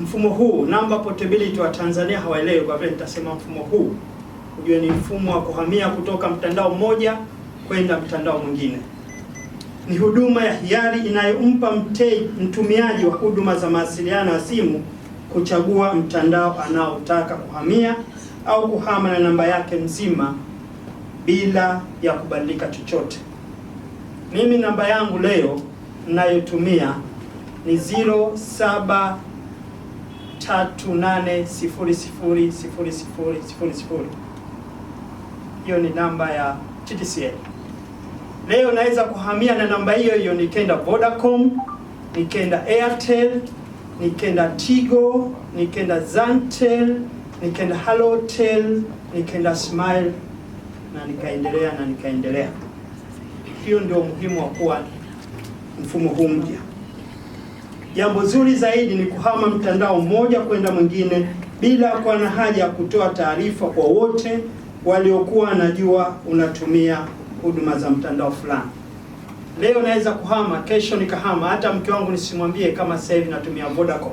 mfumo huu number portability wa Tanzania hawaelewi, kwa vile nitasema mfumo huu ujue ni mfumo wa kuhamia kutoka mtandao mmoja kwenda mtandao mwingine. Ni huduma ya hiari inayompa mtumiaji wa huduma za mawasiliano ya simu kuchagua mtandao anaotaka kuhamia au kuhama na namba yake nzima bila ya kubadilika chochote. Mimi namba yangu leo ninayotumia ni 07 sifuri. Hiyo ni namba ya TTCL. Leo naweza kuhamia na namba hiyo hiyo nikenda Vodacom, nikenda Airtel, nikenda Tigo, nikenda Zantel, nikenda Halotel, nikenda Smile na nikaendelea na nikaendelea. Hiyo ndio umuhimu wa kuwa mfumo huu mpya. Jambo zuri zaidi ni kuhama mtandao mmoja kwenda mwingine bila kuwa na haja ya kutoa taarifa kwa wote waliokuwa wanajua unatumia huduma za mtandao fulani. Leo naweza kuhama, kesho nikahama, hata mke wangu nisimwambie kama sasa hivi natumia Vodacom.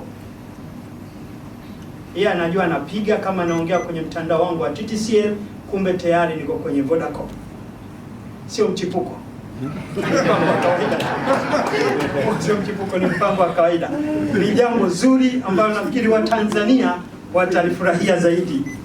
Yeye anajua anapiga kama naongea kwenye mtandao wangu wa TTCL, kumbe tayari niko kwenye Vodacom. Sio mchipuko mchipuko ni mpango wa kawaida, ni jambo zuri ambalo nafikiri Watanzania watalifurahia zaidi.